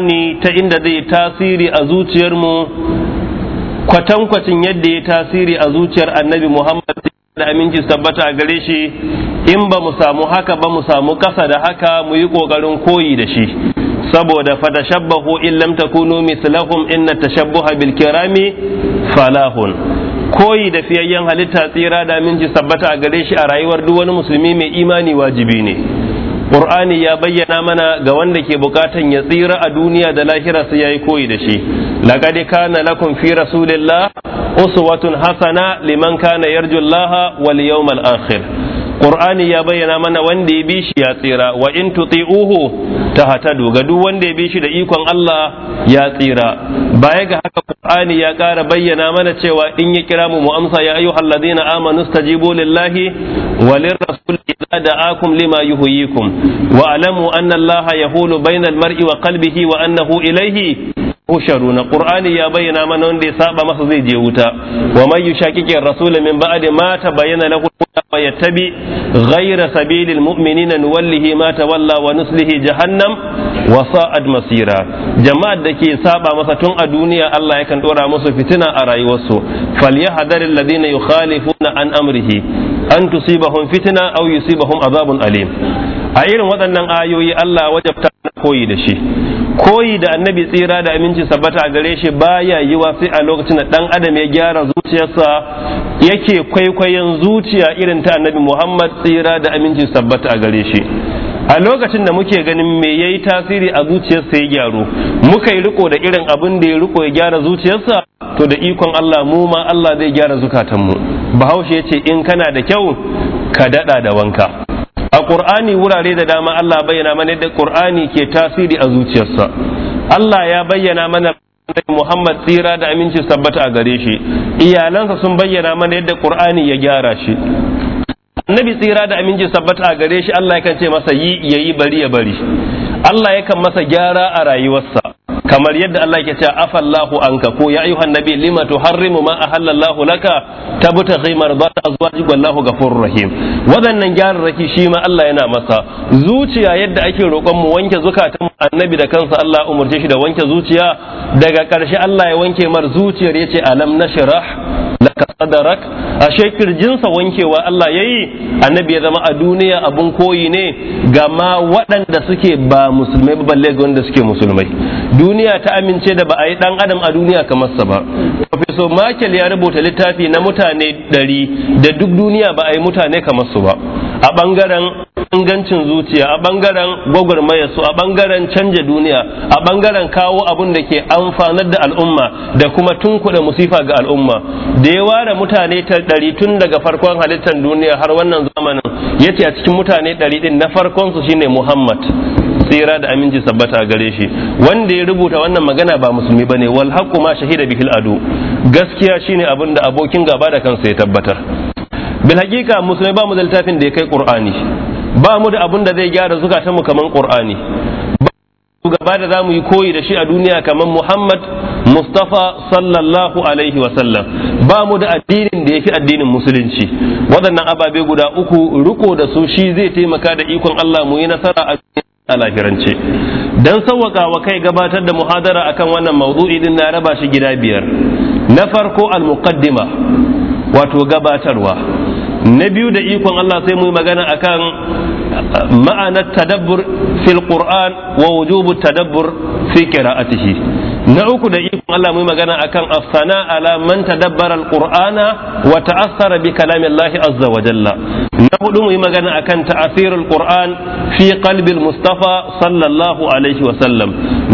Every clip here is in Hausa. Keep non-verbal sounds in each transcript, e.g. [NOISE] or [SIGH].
ne ta inda zai tasiri a zuciyarmu kwatankwacin yadda ya tasiri a zuciyar annabi Muhammad da aminci tabbata a gare shi in ba mu samu haka ba mu samu kasa da haka mu yi ƙoƙarin koyi da shi saboda shabbahu in lam takunu mislahum inna tashabbuha bil kirami falahun koyi da fiyayyen halitta tsira da aminci tabbata a gare shi a rayuwar duk wani musulmi mai imani wajibi ne qur'ani ya bayyana mana ga wanda ke bukatan ya tsira a duniya da lahira sai yayi koyi da shi laqad kana lakum fi rasulillah uswatun hasana liman kana yarjullaha wal yawmal akhir qur'ani ya bayyana mana wanda ya bi shi ya tsira wa in tuti'uhu tahtadu ga duk wanda ya bi shi da ikon Allah ya tsira baya ga haka qur'ani ya ƙara bayyana mana cewa in ya kira mu mu amsa ya ayyuhal ladina amanu stajibu lillahi wa rasul idza da'akum lima yuhyikum wa alamu anna Allah yahulu bainal mar'i wa qalbihi wa annahu ilayhi na qur'ani ya bayyana mana wanda ya saba masa zai je wuta wa may yushaqiqi ar-rasul min ba'di ma tabayyana lahu wa yattabi ghayra sabilil mu'minina nuwallihi ma tawalla wa nuslihi jahannam wa sa'ad masira jama'ar da ke saba masa tun a duniya Allah yakan dora musu fitina a rayuwarsu falyahdaril ladina yukhalifuna an amrihi an tusibahum fitna aw yusibahum azabun alim a irin waɗannan ayoyi Allah wajabta koyi da shi koyi da annabi tsira da aminci sabbata a gare shi baya wa sai a lokacin da dan adam ya gyara zuciyarsa yake kwaikwayon zuciya irin ta annabi Muhammad tsira da aminci sabbata a gare shi a lokacin da muke ganin me yayi tasiri a zuciyarsa ya gyaru muka yi riko da irin abin da ya riko ya gyara zuciyarsa to da ikon Allah mu ma Allah zai gyara zukatanmu mu bahaushe ya ce in kana da kyau ka daɗa da wanka a ƙur'ani wurare da dama Allah bayyana mana yadda ƙur'ani ke tasiri a zuciyarsa Allah ya bayyana mana Muhammad tsira da aminci tabbata a gare shi iyalansa sun bayyana mana yadda Qur'ani ya gyara shi Annabi tsira da aminci tabbata a gare shi Allah yakan ce masa yi yayi bari ya bari Allah yakan masa gyara a rayuwarsa kamar yadda Allah ke cewa afallahu anka ko ya ayyuhan nabi lima tuharrimu ma ahallallahu laka tabtaghi mardata azwajika wallahu ghafurur rahim wadannan gyararraki shi ma Allah yana masa zuciya yadda ake roƙon mu wanke zukatan annabi da kansa Allah umurce shi da wanke zuciya daga karshe Allah ya wanke mar zuciyar yace alam nashrah laka sadrak shekir jinsa wankewa Allah yayi annabi ya zama a duniya abun koyi ne ga waɗanda suke ba musulmai ba balle ga wanda suke musulmai duniya ta amince da ba a yi dan adam a duniya kamar sa ba professor Michael ya rubuta littafi na mutane ɗari da duk duniya ba a yi mutane kamar su ba a bangaren. ingancin zuciya a bangaren gwagwarmaya su a bangaren canja duniya a bangaren kawo abun da ke amfanar da al'umma da kuma tunkuɗa musifa ga al'umma da ya ware mutane ɗari tun daga farkon halittar duniya har wannan zamanin ya ce a cikin mutane ɗari ɗin na farkon su shine muhammad tsira da aminci sabbata gare shi wanda ya rubuta wannan magana ba musulmi ba ne wal haƙƙu ma shahida bihil adu gaskiya shine abin da abokin gaba da kansa ya tabbatar bil hakika musulmai ba mu da littafin da ya kai qur'ani ba mu da abun da zai gyara mu kamar qur'ani gaba da zamu yi koyi da shi a duniya kamar Muhammad Mustafa sallallahu alaihi wa sallam ba mu da addinin da ya fi addinin musulunci waɗannan ababe guda uku riko da su shi zai taimaka da ikon Allah mu yi nasara a a dan don sauwaka wa kai gabatar da muhadara akan wannan mawdu'i din na raba shi gida biyar na farko al-muqaddima wato gabatarwa na biyu da ikon Allah sai mu yi magana akan uh, ma'anar tadabbur fil qur'an wa wujubu tadabbur fi qira'atihi na uku da ikon Allah mu yi magana akan afsana ala man tadabbara alqur'ana wa ta'assara bi kalami Allah azza wa jalla na hudu mu yi magana akan ta'asirul qur'an fi qalbi mustafa sallallahu alaihi wa sallam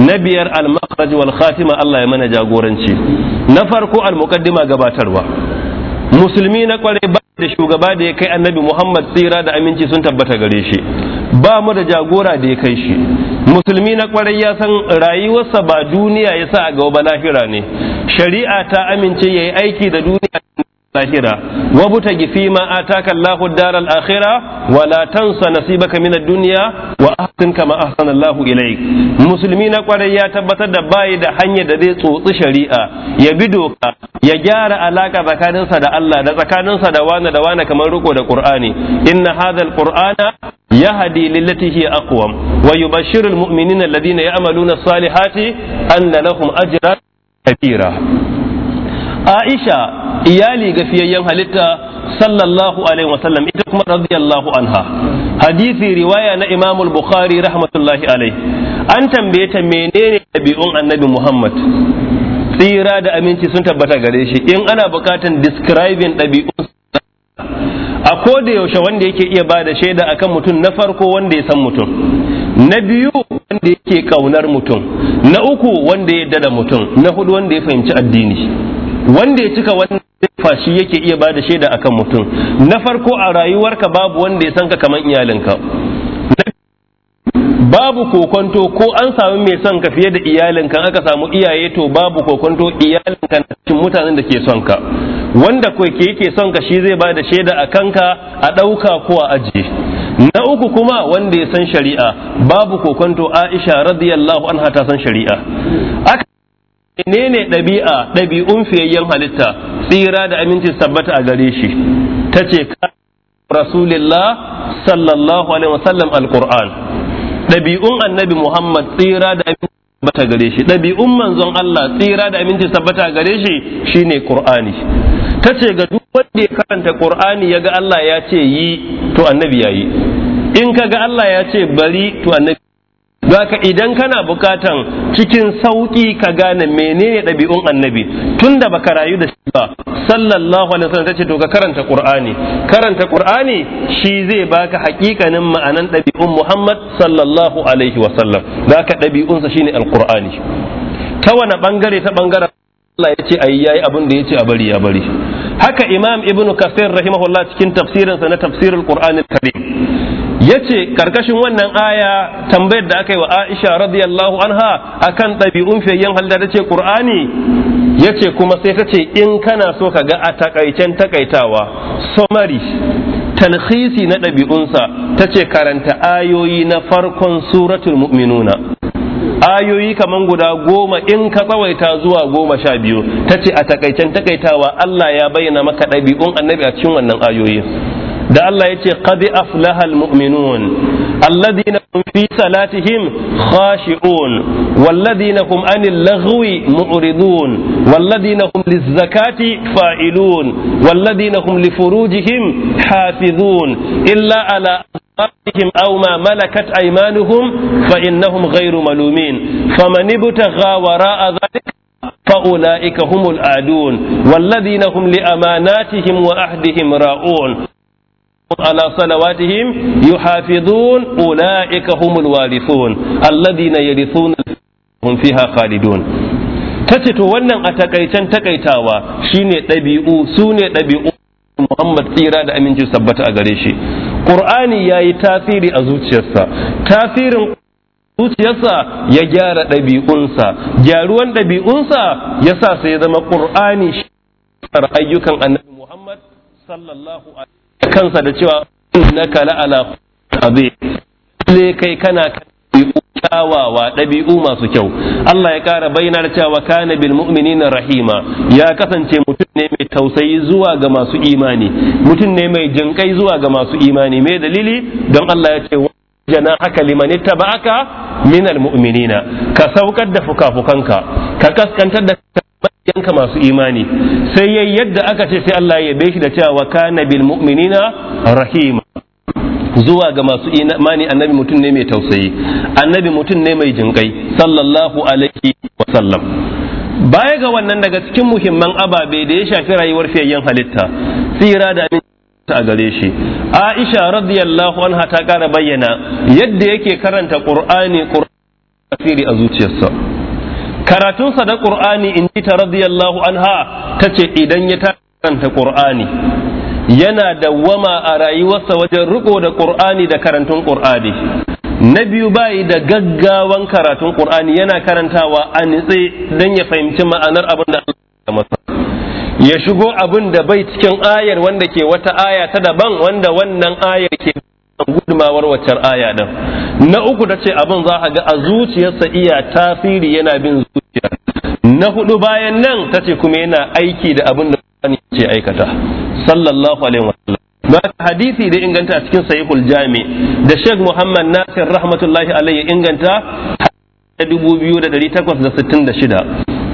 na biyar al-makhraj wal khatima Allah ya mana jagoranci na farko al-muqaddima gabatarwa musulmi na kwarai ba da shugaba da ya kai annabi muhammad tsira da aminci sun tabbata gare shi ba mu da jagora da ya kai shi musulmi na kwarai ya san rayuwarsa ba duniya ya sa a gaba lahira ne shari'a ta amince ya yi aiki da duniya الآخرة وابتغ فيما آتاك الله الدار الآخرة ولا تنس نصيبك من الدنيا وأحسن كما أحسن الله إليك مسلمين قد يتبت دباي دا حنيا دا دي صوت شريعة يبدوك يجار علاقة بكان صدى الله دا زكان صدى وانا دا وانا كما ركو دا قرآني إن هذا القرآن يهدي للتي هي أقوم ويبشر المؤمنين الذين يعملون الصالحات أن لهم أجرا كبيرا aisha iyali ga halitta sallallahu alaihi wasallam ita kuma radiyallahu anha hadisi riwaya na imam bukhari rahmatullahi alaihi an tambaye ta menene dabi'un annabi muhammad tsira da aminci sun tabbata gare shi in ana bukatan describing ɗabi'un a ko da yaushe wanda yake iya ba da shaida akan mutum na farko wanda ya san mutum na biyu wanda yake kaunar mutum na uku wanda ya dada mutum na hudu wanda ya fahimci addini wanda ya cika wannan fashi yake iya ba da shaida akan mutum na farko a rayuwarka babu wanda ya san ka kaman iyalinka babu kokonto ko an sami mai son ka fiye da iyalinka aka samu iyaye to babu kokonto iyalinka na cikin mutanen da ke son ka wanda ko ke yake son ka shi zai bada shaida a kanka a ɗauka ko a ajiye na uku kuma wanda ya san shari'a babu kokonto Aisha radiyallahu anha ta san shari'a aka menene ɗabi'a ɗabi'un fiyayyen halitta tsira da aminci sabbata a gare shi ta ce rasulillah sallallahu alaihi wasallam alquran ɗabi'un annabi muhammad tsira da aminci sabbata gare shi ɗabi'un manzon allah tsira da aminci sabbata gare shi shine qur'ani ta ce ga duk wanda ya karanta qur'ani yaga ga allah ya ce yi to annabi ya yi in ka ga allah ya ce bari to annabi Zaka idan kana bukatan cikin sauƙi ka gane menene ɗabi'un annabi tunda baka rayu da shi ba sallallahu alaihi wasallam tace to ka karanta Qur'ani karanta Qur'ani shi zai baka hakikanin ma'anan ɗabi'un Muhammad sallallahu alaihi wasallam zaka sa shine alqur'ani ta wani bangare ta bangaren Allah ya ce ayi yayi abin da ya ce a bari ya bari haka Imam Ibn Kathir rahimahullah cikin tafsirinsa na tafsirul Qur'anil Karim yace karkashin wannan aya tambayar da aka yi wa Aisha radiyallahu anha akan ɗabi'un fayyan halda ta ce Qur'ani yace kuma sai ta ce in kana so ka ga a takaicen takaitawa summary talhisi na ɗabi'unsa ta ce karanta ayoyi na farkon suratul mu'minuna ayoyi kaman guda goma in ka tsawaita zuwa goma sha biyu ta ce a takaicen takaitawa Allah ya bayyana maka ɗabi'un annabi a cikin wannan ayoyin. da Allah ya ce qadi aflaha almu'minun alladhina hum fi salatihim khashi'un walladhina hum anil laghwi mu'ridun walladhina hum lizzakati fa'ilun walladhina hum furujihim, hafizun illa ala أنفسهم أو ما ملكت أيمانهم فإنهم غير ملومين فمن ابتغى وراء ذلك فأولئك هم العادون والذين هم لأماناتهم وأحدهم راؤون على صلواتهم يحافظون أولئك هم الوارثون الذين يرثون هم فيها خالدون to wannan a takaicen takaitawa shine ɗabi'u Muhammad tsira da aminci sabbata a gare shi ya yi tasiri a zuciyarsa tasirin zuciyarsa ya gyara ɗabi'unsa gyaruwan ɗabi'unsa ya sa sai zama ƙur'ani shi ayyukan Annabi Muhammad sallallahu alaihi kansa da cewa na kala ala azim sai kai kana kyawawa ɗabi'u masu kyau Allah ya ƙara bayyana cewa kana bil mu'minina rahima ya kasance mutum ne mai tausayi zuwa ga masu imani mutum ne mai jinkai zuwa ga masu imani me dalili don Allah ya ce jana haka limani taba'aka minal mu'minina ka saukar da fukafukanka ka kaskantar da yanka masu imani sai yayi yadda aka ce sai Allah ya yabe shi da cewa wa kana bil mu'minina rahima zuwa ga masu imani annabi mutum ne mai tausayi annabi mutum ne mai jinkai sallallahu alaihi wa sallam baya ga wannan daga cikin muhimman ababe da ya shafi rayuwar fiyayyen halitta tsira da a gare shi aisha radiyallahu anha ta kara bayyana yadda yake karanta qur'ani qur'ani a zuciyarsa karatunsa da qur'ani in ji ta radiyallahu anha ta ce idan ya karanta qur'ani yana da wama a rayuwarsa wajen riko da qur'ani da karantun qur'ani na biyu bayi da gaggawan karatun qur'ani yana karantawa a nitse don ya fahimci ma'anar abin da Allah masa ya shigo abin da bai cikin ayar wanda ke wata aya ta daban wanda wannan ayar ke gudumawar waccar aya din na uku ta ce abin za a ga a zuciyarsa iya tasiri yana bin zuciya na hudu bayan nan ta ce kuma yana aiki da abin da Qur'ani ce aikata sallallahu alaihi wasallam Maka hadisi da inganta cikin sahihul jami da Sheikh Muhammad Nasir rahmatullahi alaihi ya inganta da 2866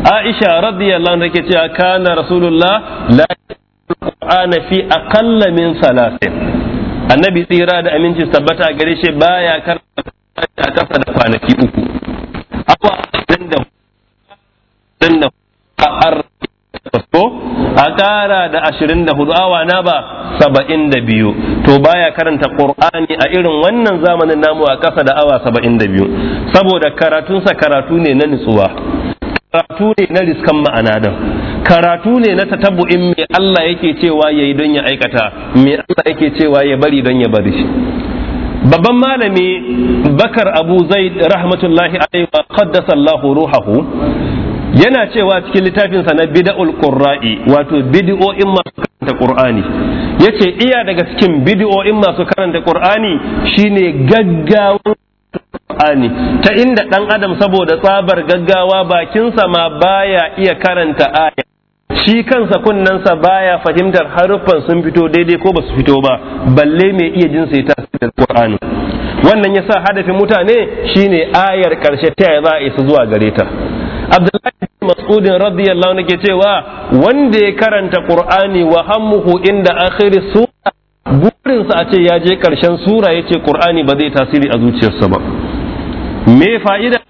Aisha radiyallahu anha ke cewa kana rasulullah la Qur'ana fi aqalla min salasin annabi tsira da aminci tabbata gare shi baya karanta a kasa da kwanaki uku abuwa dan da dan da har ko a kara da ashirin da hudu awa na ba saba'in da biyu to baya karanta qur'ani a irin wannan zamanin namu a kasa da awa saba'in da biyu saboda karatunsa karatu ne na nutsuwa karatu ne na riskan ma'ana don karatu ne na in me Allah yake cewa ya yi don ya aikata me Allah yake cewa ya bari don ya bari babban malami bakar abu zaid rahmatullahi alaihi wa qaddasa Allahu ruhahu yana cewa cikin littafinsa na bid'ul qurra'i wato in masu karanta qur'ani yace iya daga cikin in masu karanta Kur'ani shine gaggawa Qur'ani ta inda ɗan adam saboda tsabar gaggawa bakinsa ma baya iya karanta aya shi kansa kunnensa baya fahimtar haruffan sun fito daidai ko ba su fito ba balle mai iya jin sai tasirin Qur'ani wannan yasa hadafin mutane shine ayar ƙarshe ta ya za a isa zuwa gare ta Abdullahi mas'udin radiyallahu anhu cewa wanda ya karanta Qur'ani wa hammuhu inda akhiri sura burinsa a ce ya je karshen sura yace Qur'ani ba zai tasiri a zuciyarsa ba me fa'ida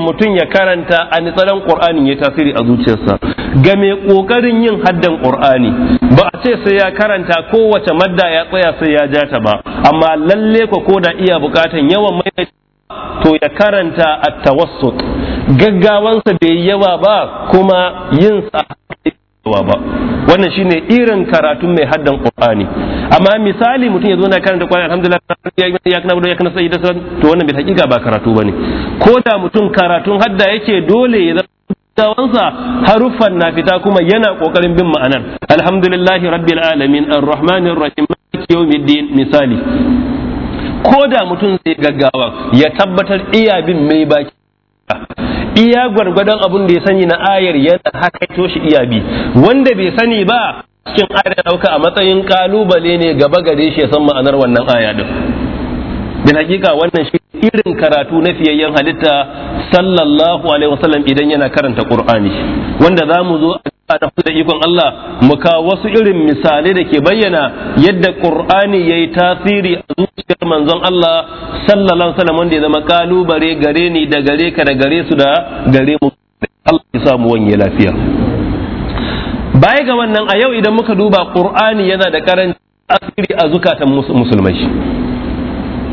mutum ya karanta a nitsalan qur'anin ya tasiri a zuciyarsa ga mai kokarin yin haddan qur'ani ba a ce sai ya karanta kowace madda ya tsaya sai ya ja ta ba amma lalle ko da iya bukatan yawan mai to ya karanta a tawassut gaggawansa bai yawa ba kuma yin sa ba wannan shine irin karatu mai haddan qur'ani amma misali mutum ya zo na karanta qur'ani alhamdulillah ya kana ya kana sai da to wannan bai hakika ba karatu bane ko da mutum karatun hadda yake dole ya tawansa haruffan na fita kuma yana kokarin bin ma'anar alhamdulillahi rabbil alamin arrahmanir rahim maliki yawmiddin misali ko da mutum zai gaggawa ya tabbatar iya bin mai baki iya gwargwadon abun da ya sani na ayar yana hakaito shi iya bi wanda bai sani ba cikin ayar dauka a matsayin kalubale ne gaba gare shi ya san ma'anar wannan aya din bin hakika wannan shi irin karatu na fiyayyen halitta sallallahu alaihi wasallam idan yana karanta qur'ani wanda zamu zo a a tafi da ikon Allah mu kawo wasu irin misalai da ke bayyana yadda Qur'ani yayi tasiri a zuciyar manzon Allah sallallahu alaihi wasallam wanda ya zama kalubare gare ni da gare ka da gare su da gare mu Allah ya samu wanye lafiya baya ga wannan a yau idan muka duba Qur'ani yana da karanci asiri a zukatan musulmai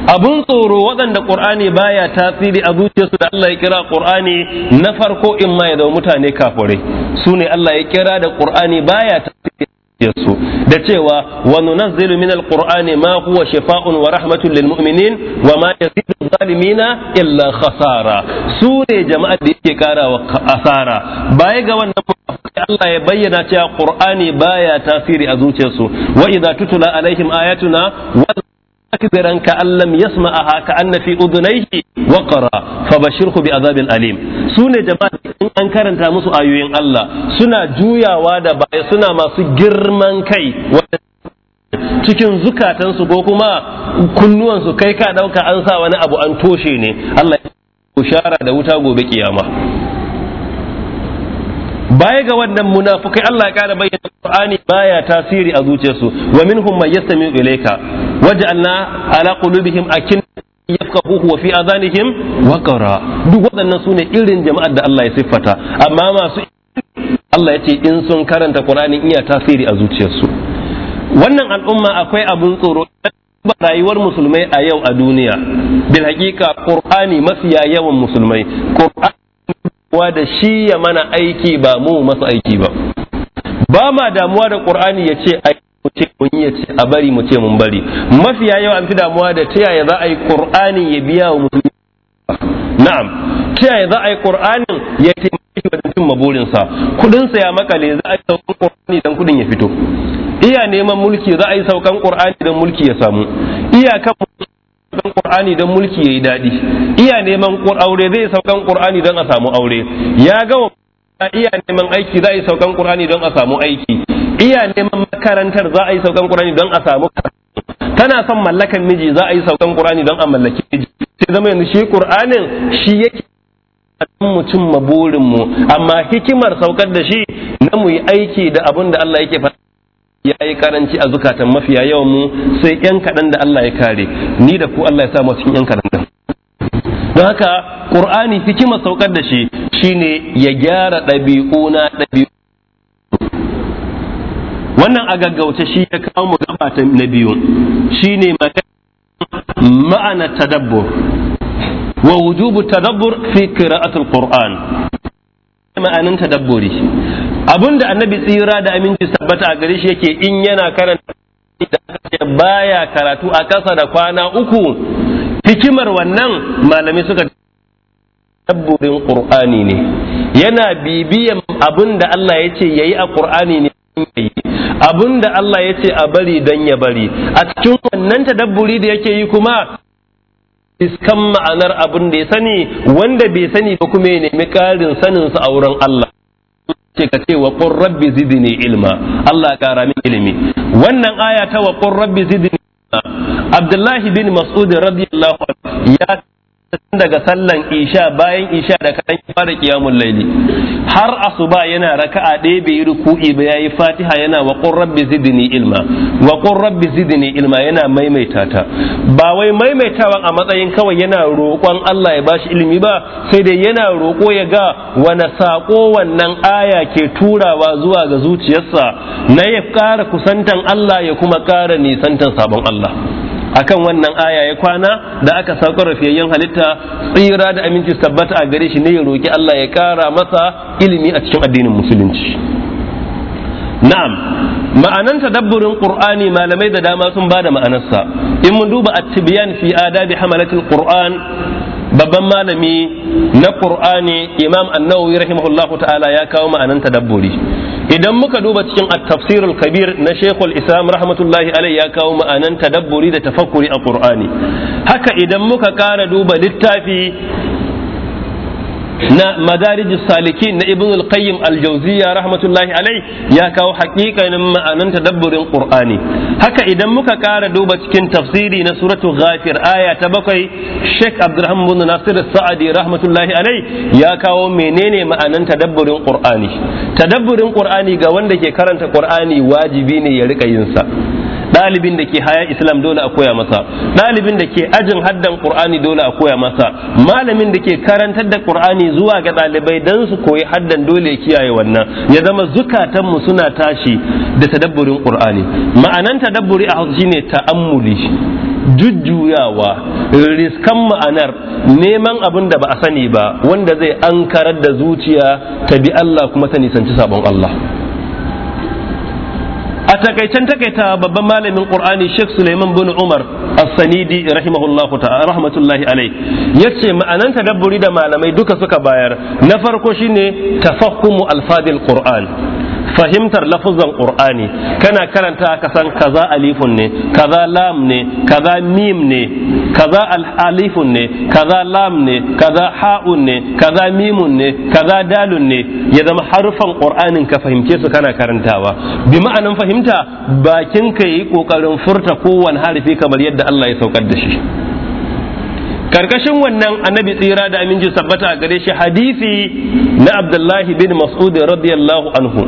abun tsoro waɗanda ƙur'ani baya tasiri a zuciyarsu da Allah ya kira ƙur'ani na farko in ma ya zama mutane kafirai su ne Allah ya kira da ƙur'ani baya tasiri a su da cewa wa nunazzilu min alqur'ani ma huwa shifaa'un wa rahmatun lil mu'minin wa ma yazidu zalimina illa khasara su ne jama'ar da yake karawa asara baya ga wannan Allah ya bayyana cewa Qur'ani baya tasiri a zuciyarsu wa idza tutula alaihim ayatuna wal أكبرا كأن لم يسمعها كأن في أذنيه وقرا فبشره بعذاب أليم سنة جماعة إن أنكر أنت تامس آيوين الله سنة جويا وادا باي سنة ما سجرمان كي cikin zukatansu ko kuma kunnuwansu kai ka dauka an sa wani abu an toshe ne Allah ya bushara da wuta gobe kiyama baya ga wannan munafukai Allah ya kara bayyana Qur'ani baya tasiri a zuciyarsu wa minhum man yastami'u ilayka waj'alna ala qulubihim akin yafqahuhu wa fi adhanihim waqara duk waɗannan sune irin jama'ar da Allah ya siffata amma masu Allah ya ce in sun karanta Qur'ani iya tasiri a zuciyarsu wannan al'umma akwai abun tsoro ba rayuwar musulmai a yau a duniya bil haƙiƙa qur'ani mafiya yawan musulmai qur'ani Wa da shi ya mana aiki ba mu masa aiki ba ba ma damuwa da qur'ani ya ce mu ce mun ya ce a bari mu ce mun bari mafiya yawa an fi damuwa da ta yaya za a yi qur'ani ya biya wa musulmi na'am ta yaya za a yi qur'ani ya taimaki wajen cin sa kudin sa ya makale za a yi saukan qur'ani dan kudin ya fito iya neman mulki za a yi saukan qur'ani dan mulki ya samu iya kan saukan qur'ani don mulki yayi daɗi iya neman aure zai saukan qur'ani don a samu aure ya gama iya neman aiki za a yi saukan qur'ani don a samu aiki iya neman makarantar za yi saukan qur'ani don a samu tana son mallakan miji za yi saukan qur'ani don a mallaki miji sai zama yanzu shi qur'anin shi yake don mu cimma burinmu amma hikimar saukar da shi na muyi aiki da abin da Allah yake faɗa ya yi karanci a zukatan mafiya yawan mu sai yan kaɗan da Allah ya kare ni da ku Allah ya sa mu cikin yan kaɗan nan don haka qur'ani hikima saukar da shi shine ya gyara ɗabi'una ɗabi'u wannan a gaggauce shi ya kawo mu gaba ta na biyu shine ma'ana tadabbur wa wujubu tadabbur fi qira'atul qur'an ma'anan tadabburi da annabi tsira da aminci tabbata a gare shi yake in yana karanta da baya karatu a ƙasa da kwana uku hikimar wannan malami suka dabburin qur'ani ne yana bibiyan abinda Allah ya ce yayi a qur'ani ne yayi abinda Allah ya ce a bari dan ya bari a cikin wannan tadabburi da yake yi kuma iskan ma'anar abin da ya sani wanda bai sani ba kuma ya nemi ƙarin saninsa a wurin Allah ce ka ce wa qur rabbi zidni ilma Allah kara min ilimi wannan aya ta wa qur rabbi zidni Abdullahi bin Mas'ud radiyallahu anhu ya daga sallan isha bayan isha da kan fara kiyamun laili har asuba yana raka'a ɗaya bai yi ruku'i ba yayi fatiha yana wa rabbi zidni ilma wa rabbi zidni ilma yana maimaita ta ba wai maimaitawa a matsayin kawai yana roƙon Allah ya bashi ilimi ba sai dai yana roƙo ya ga wani saƙo wannan aya ke turawa zuwa ga zuciyarsa na ya ƙara kusantan Allah ya kuma ƙara nisantan sabon Allah akan wannan aya ya kwana da aka saukar rafiyayyen halitta tsira da aminci tabbata a gare shi ne ya roki Allah ya kara masa ilimi a cikin addinin musulunci na'am ma'anan tadabburin qur'ani malamai da dama sun ba bada ma'anarsa in mun duba at-tibyan fi adabi hamalatil qur'an babban malami na qur'ani imam an-nawawi rahimahullahu ta'ala ya kawo ma'anan tadabburi idan muka duba cikin at-tafsir al-kabir na Sheikhul Islam rahmatullahi alaihi ya kawo ma'anan tadabburi da tafakkuri a Qur'ani haka idan muka kara duba littafi na madarij salikin na ibn al-qayyim al-jawziya rahmatullahi alai ya kawo hakikanin ma'anan tadabburin qur'ani haka idan muka kara duba cikin tafsiri na suratu ghafir aya ta bakwai sheikh abdurrahman bin nasir sa'adi rahmatullahi alai ya kawo menene ma'anan tadabburin qur'ani tadabburin qur'ani ga wanda ke karanta qur'ani wajibi ne ya rika yin sa ɗalibin da ke haya islam dole a koya masa ɗalibin da ke ajin haddan qur'ani dole a koya masa malamin da ke karantar da qur'ani zuwa ga ɗalibai dan su koyi haddan dole ya kiyaye wannan ya zama zukatan mu suna tashi da tadabburin qur'ani ma'anan tadabburi a hausa shine ta'ammuli jujjuyawa riskan ma'anar neman abin da ba a sani ba wanda zai ankarar da zuciya ta bi Allah kuma ta nisanci sabon Allah a takaicen takaita babban malamin qur'ani Sheikh Suleiman bin Umar As-Sanidi rahimahullahu ta'ala rahmatullahi alai yace ma'anan tadabburi da malamai duka suka bayar na farko shine tafahhumu alfadil qur'an fahimtar lafuzan qur'ani kana karanta ka san kaza alifun ne kaza lam ne kaza mim ne kaza alifun ne kaza lam ne kaza ha'un ne kaza mimun ne kaza dalun ne ya zama harufan qur'anin ka fahimce su kana karantawa bi ma'anin fahimta bakin ka yi ƙoƙarin furta kowanne harfi kamar yadda Allah ya saukar da shi karkashin wannan annabi tsira da aminci sabbata a gare shi hadisi na abdullahi bin mas'ud radiyallahu anhu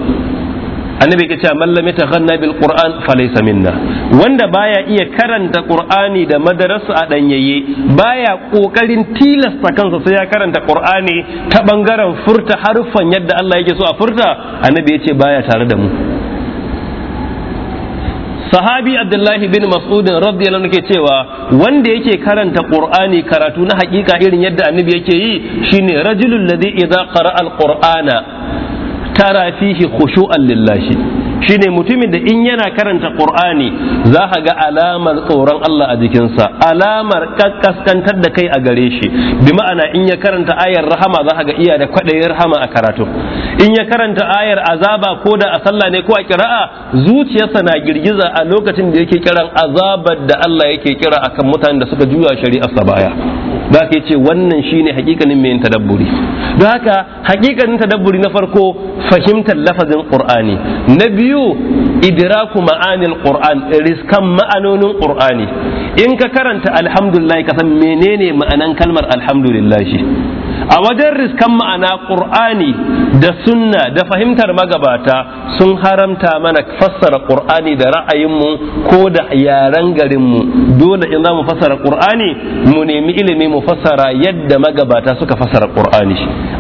annabi ke cewa mallami ta ganna bil qur'an falaysa minna wanda baya iya karanta qur'ani da madarasa a danyaye baya kokarin tilasta kansa sai ya karanta qur'ani ta bangaren furta harufan yadda Allah yake so a furta annabi ya ce baya tare da mu sahabi abdullahi bin mas'udin radiyallahu anhu ke cewa wanda yake karanta qur'ani karatu na hakika irin yadda annabi yake yi shine rajulul ladhi idza qara'a ta tara fihi khushu'an lillahi shine mutumin da in yana karanta qur'ani za ka ga alamar tsoron Allah a jikinsa alamar kaskantar da kai a gare shi bi ma'ana in ya karanta ayar rahama za ka ga iya da kwaɗayin rahama a karatu in ya karanta ayar azaba ko da a sallah ne ko a kira'a zuciyarsa na girgiza a lokacin da yake kiran azabar da Allah yake kira akan mutanen da suka juya shari'arsa baya da ka ce wannan shine hakikanin mai tadabburi don haka hakikanin tadabburi na farko fahimtar lafazin qur'ani na biyu idraku ma'anil qur'an riskan ma'anonin qur'ani in ka karanta alhamdulillah ka san menene ma'anan kalmar alhamdulillah a wajen riskan ma'ana ƙur'ani da sunna da fahimtar magabata sun haramta mana fassara ƙur'ani da ra'ayinmu ko da yaren garinmu dole in za mu fassara ƙur'ani mu nemi ilimi mu fassara yadda magabata suka fassara ƙur'ani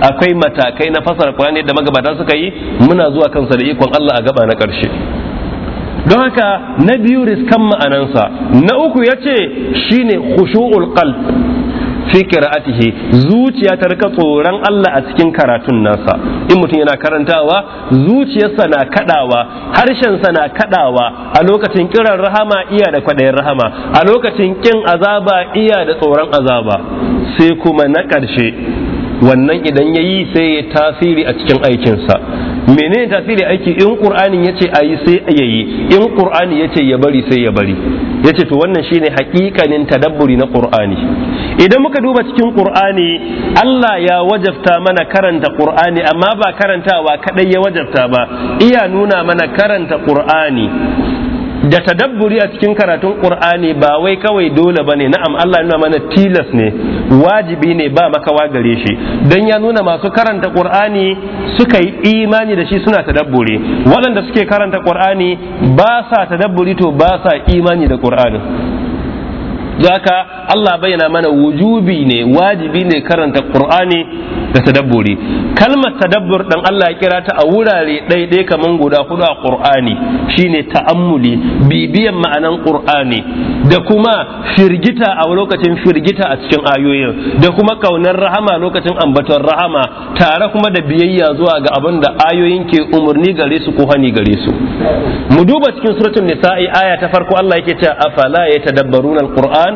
akwai matakai na fassara ƙur'ani yadda magabata suka yi muna zuwa kansa da ikon Allah a gaba na ƙarshe don haka na biyu riskan ma'anansa na uku ya ce shine khushu'ul qalb fi qira'atihi zuciya ta rika tsoron Allah a cikin karatun nasa in mutum yana karantawa zuciyarsa na kadawa sa na kadawa a lokacin kiran rahama iya da kwadayin rahama a lokacin kin azaba iya da tsoron azaba sai kuma na karshe wannan idan yayi sai ya tasiri a cikin aikinsa menene tasiri aiki in qur'anin yace ayi sai yayi in qur'ani yace ya bari sai ya bari yace to wannan shine hakikanin tadabburi na qur'ani idan muka duba cikin qur'ani Allah ya wajabta mana karanta qur'ani amma ba karantawa kadai ya wajabta ba iya nuna mana karanta qur'ani da tadabburi a cikin karatun qur'ani ba wai kawai dole bane na'am Allah ya nuna mana tilas ne wajibi ne ba makawa gare shi dan ya nuna masu karanta qur'ani suka yi imani da shi suna tadabburi waɗanda suke karanta qur'ani ba sa tadabburi to ba sa imani da qur'ani zaka Allah bayyana mana wujubi ne wajibi ne karanta qur'ani da tadabburi kalmar tadabbur dan Allah ya kira ta a wurare ɗaiɗai kaman guda hudu a Qur'ani shine ta'ammuli bibiyan ma'anan Qur'ani da kuma firgita a lokacin firgita a cikin ayoyin da kuma kaunar rahama lokacin ambaton rahama tare kuma da biyayya zuwa ga abin da ayoyin ke umarni gare su ko hani gare su mu duba cikin suratul nisa'i aya ta farko Allah yake cewa afala yatadabbaruna alquran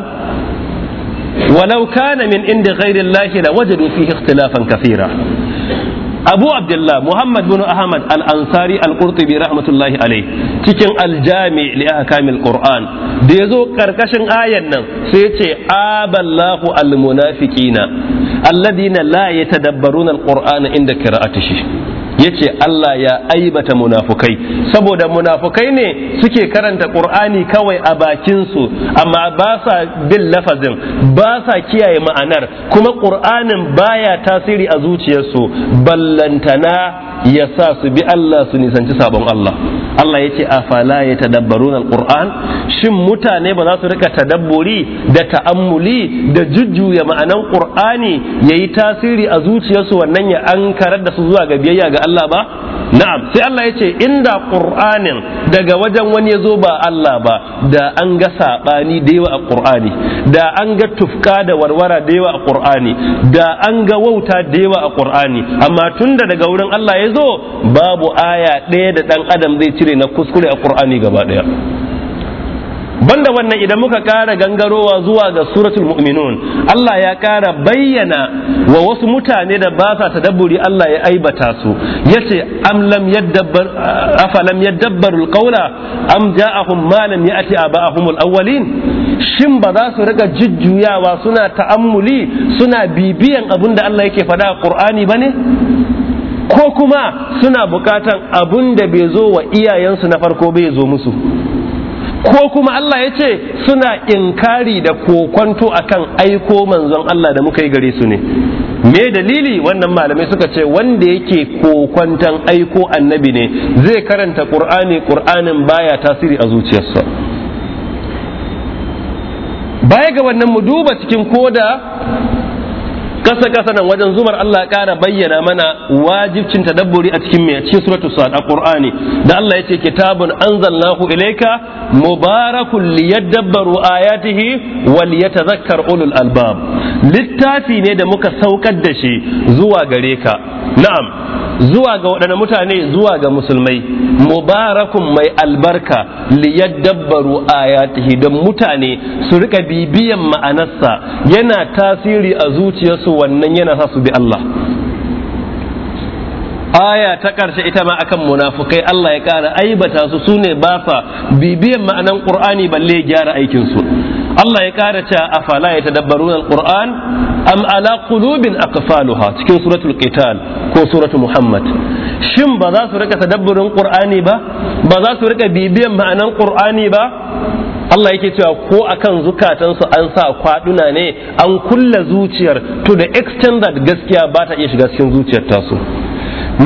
walau kana min inda ghairi Allah la wajadu fihi ikhtilafan kathira Abu Abdullah Muhammad bin Ahmad Al-Ansari Al-Qurtubi rahmatullahi alayh cikin aljami'i jami li Qur'an da yazo karkashin ayan nan sai ce aballahu al-munafiqina alladhina la yatadabbaruna al-Qur'ana inda qira'atihi yace Allah ya aibata munafukai saboda munafukai ne suke karanta Qur'ani kawai a bakinsu amma ba sa bin lafazin ba sa kiyaye ma'anar kuma Qur'anin baya tasiri a zuciyarsu ballantana ya sa su bi Allah su nisanci sabon Allah Allah ya ce afala ya tadabbarun alquran shin mutane ba za su rika tadabburi da ta'ammuli da jujjuya ma'anan qur'ani yayi tasiri a zuciyarsu wannan ya ankarar da su zuwa ga biyayya ga Allah ba na'am sai Allah ya ce inda qur'anin daga wajen wani ya zo ba Allah ba da an ga sabani da yawa a qur'ani da an ga tufka da warwara da yawa a ƙur'ani, da an ga wauta da yawa a ƙur'ani, amma tunda daga wurin Allah ya zo babu aya ɗaya da ɗan adam zai cire kuskure na kuskure a qur'ani gaba daya banda wannan idan muka ƙara gangarowa zuwa ga suratul mu'minun Allah ya ƙara bayyana wa wasu mutane da ba sa tadabburi Allah ya aibata su yace am lam yaddabbar afalam yaddabbarul qawla am ja'ahum ma lam ya'ti aba'ahum alawwalin shin ba za su rika jujjuyawa suna ta'ammuli suna bibiyan abin da Allah yake faɗa a Qur'ani bane ko kuma suna bukatan abun da bai zo wa iyayensu na farko bai zo musu ko kuma Allah ya ce suna inkari da kokwanto akan aiko manzon Allah da muka yi gare su ne me dalili wannan malamai suka ce wanda yake kokwantan aiko annabi ne zai karanta qur'ani qur'anin baya tasiri a zuciyarsa baya ga wannan mu duba cikin koda kasa kasa nan wajen zumar Allah kara bayyana mana wajibcin tadabburi a cikin mai cikin suratul sa'ad a qur'ani da Allah yace kitabun anzalnahu ilayka mubarakun liyadabbaru ayatihi waliyatadhakkar ulul albab littafi ne da muka saukar da shi zuwa gare ka na'am zuwa ga waɗanne mutane zuwa ga musulmai mubarakun mai albarka liyaddabbaru ayatihi don mutane su rika bibiyan ma'anarsa yana tasiri a zuciyarsu wannan yana sa su bi Allah aya ta ƙarshe ita ma akan munafukai Allah ya ƙara aibata su sune ba sa bibiyan ma'anan Qur'ani balle gyara aikin su Allah ya kara ta afala ya Al-Qur'an am ala qulubin aqfaluha cikin suratul qital ko suratul muhammad shin ba za su rika tadabburin qur'ani ba ba za su rika bibiyan ma'anan qur'ani ba Allah yake cewa ko akan zukatansu an sa kwaduna ne an kulla zuciyar to the extent that gaskiya ba ta iya shiga cikin zuciyar tasu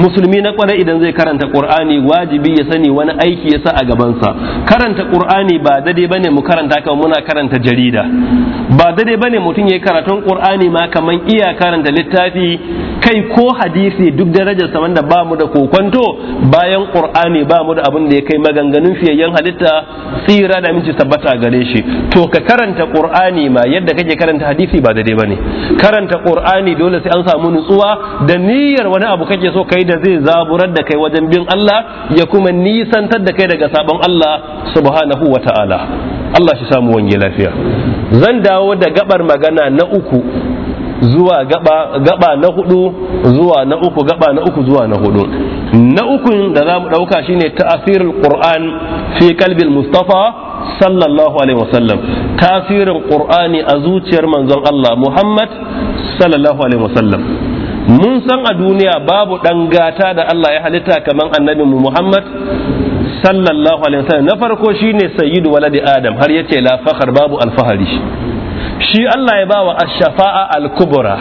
musulmi na kwarai idan zai karanta qur'ani wajibi ya sani wani aiki ya sa a gabansa karanta qur'ani ba dade bane mu karanta kamar muna karanta jarida ba dade bane mutum ya karatun qur'ani ma kaman iya karanta littafi kai ko hadisi duk darajar sa wanda ba mu da kokonto bayan qur'ani ba mu da abin da ya kai maganganun fiyayyen halitta tsira da minci tabbata gare shi to ka karanta qur'ani ma yadda kake karanta hadisi ba dade bane karanta qur'ani dole sai an samu nutsuwa da niyyar wani abu kake so kai kai da zai zaburar da kai wajen bin Allah ya kuma nisantar da kai daga sabon Allah subhanahu wa ta'ala Allah shi samu wange lafiya zan dawo da gabar magana na uku zuwa gaba gaba na hudu zuwa na uku gaba na uku zuwa na hudu na ukun da za mu ɗauka shine ta'asirul qur'an fi kalbin mustafa sallallahu alaihi wasallam tasirin qur'ani a zuciyar manzon Allah Muhammad sallallahu alaihi wasallam mun san a duniya babu ɗan gata da Allah ya halitta kamar annabi mu Muhammad sallallahu alaihi wasallam na farko shine sayyidu waladi adam har yace la fakhar babu alfahari shi Allah ya bawa ash-shafa'a al-kubra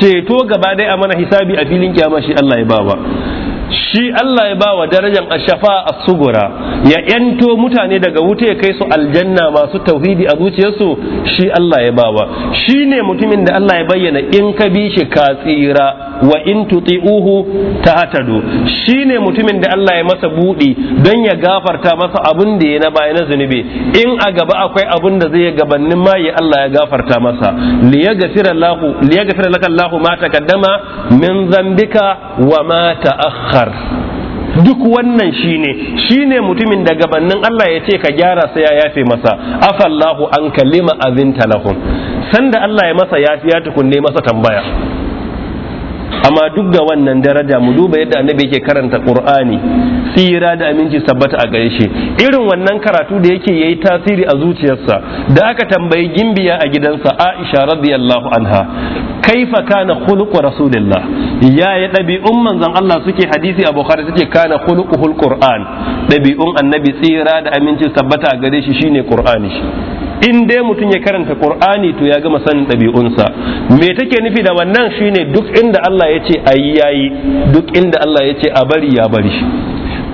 ceto gaba dai a mana hisabi a filin kiyama shi Allah ya bawa shi Allah ya bawa darajar ashafa a sugura ya yanto mutane daga wuta ya kai su aljanna masu tauhidi a zuciyarsu shi Allah ya bawa shi ne mutumin da Allah ya bayyana in ka bi shi ka tsira wa in uhu ta tahtadu shi ne mutumin da Allah ya masa buɗi don ya gafarta masa abin da ya na baya na zunubi in a gaba akwai abin da zai gabanin ma ya Allah ya gafarta masa liya gafira laka Allahu ma taqaddama min zambika wa ma ta'akhkhara bakar duk wannan shine shine mutumin da gabanin Allah ya ce ka gyara sai ya yafe masa afallahu an kalima azinta lahum sanda Allah ya masa yafiya tukunne masa tambaya amma duk da wannan daraja mu duba yadda annabi yake karanta qur'ani tsira da aminci sabbata a gare shi irin wannan karatu da yake yayi tasiri a zuciyarsa da aka tambayi gimbiya a gidansa aisha radiyallahu anha kaifa kana khuluqu rasulillah ya ya dabi'un manzon Allah suke hadisi a bukhari suke kana khuluquhul qur'an dabi'un annabi tsira da aminci sabbata a gare shi shine qur'ani in dai mutum ya karanta qur'ani to ya gama sanin ɗabi'unsa me take nufi da wannan shine duk inda Allah ya ce ayi yayi duk inda Allah ya ce a bari ya bari